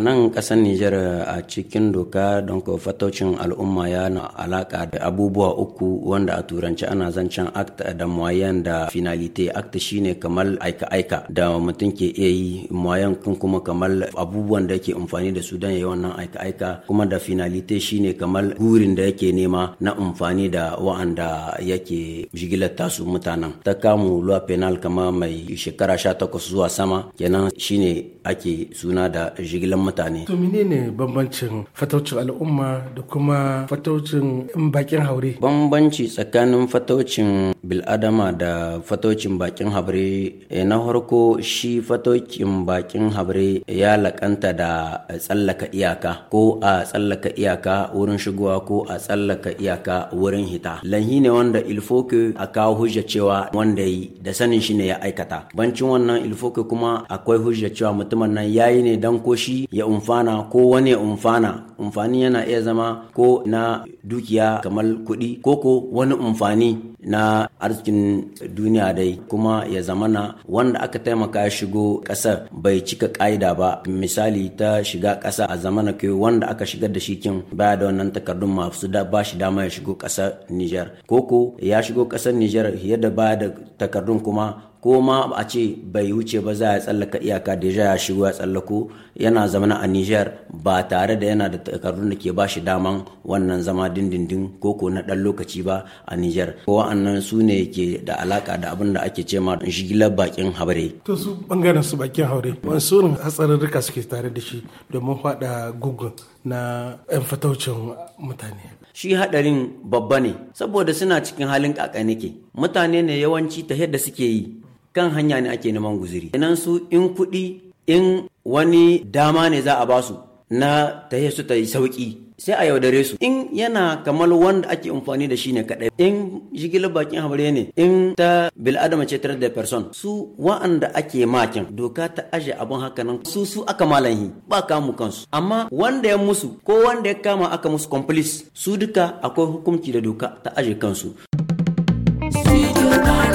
nan ƙasar Nijar a cikin doka don fataucin al'umma ya na alaka da abubuwa uku wanda a turanci ana zancen akta da moyen da finalite akta shine kamar aika-aika da mutum ke iya yi moyen kun kuma kamar abubuwan da yake amfani da su don yayi wannan aika-aika kuma da finalite shine kamar gurin da yake nema na amfani da wa'anda yake jigilar tasu mutanen ta kamu luwa penal kama mai shekara 18 zuwa sama kenan shine ake suna da jigilar mutane. To menene bambancin fataucin al'umma da kuma fataucin bakin haure? Bambanci tsakanin fataucin bil'adama da fataucin bakin haure eh, na farko shi fataucin bakin haure ya lakanta da tsallaka iyaka ko a tsallaka iyaka wurin shigowa ko a tsallaka iyaka wurin hita. Lanhi ne wanda ilfoke a kawo hujja cewa wanda yi da sanin shi ne ya aikata. Bancin wannan ilfoke kuma akwai hujja cewa mutumin nan yayi ne dan ko shi ya umfana ko wani ya umfana umfani yana iya zama ko na dukiya kamar kuɗi ko ko wani umfani na arzikin duniya dai kuma ya zama na wanda aka taimaka shigo ƙasar bai cika ƙa'ida ba misali ta shiga ƙasa a zamana kai wanda aka shigar da shi kin baya da wannan takardun masu da ba shi dama ya shigo ƙasar Nijar ko ko ya shigo ƙasar Nijar yadda baya da takardun kuma ko ma a ce bai wuce ba za ya tsallaka iyaka deja ya shigo ya tsallako yana zamana a niger ba tare da yana da takardun da ke bashi daman wannan zama dindindin ko ko na dan lokaci ba a niger ko wa'annan su ne ke da alaka da abin da ake ce ma shigilar bakin haure to su bangaren su bakin haure hatsarurruka suke tare da shi domin faɗa google na 'yan fataucin mutane shi hadarin babba ne saboda suna cikin halin kakanike mutane ne yawanci ta yadda suke yi kan hanya ne ake neman guziri inan su in kuɗi in wani dama ne za a basu na ta su ta yi sauƙi sai a yaudare su in yana kamar wanda ake amfani da shi ne kadai in jigila bakin habare ne in ta bil'adama ce tare da person su wa'anda ake makin doka ta aje abin haka nan su su aka malahi ba kamu kansu amma wanda ya musu ko wanda ya kama aka musu complice su duka akwai hukunci da doka ta aje kansu Studio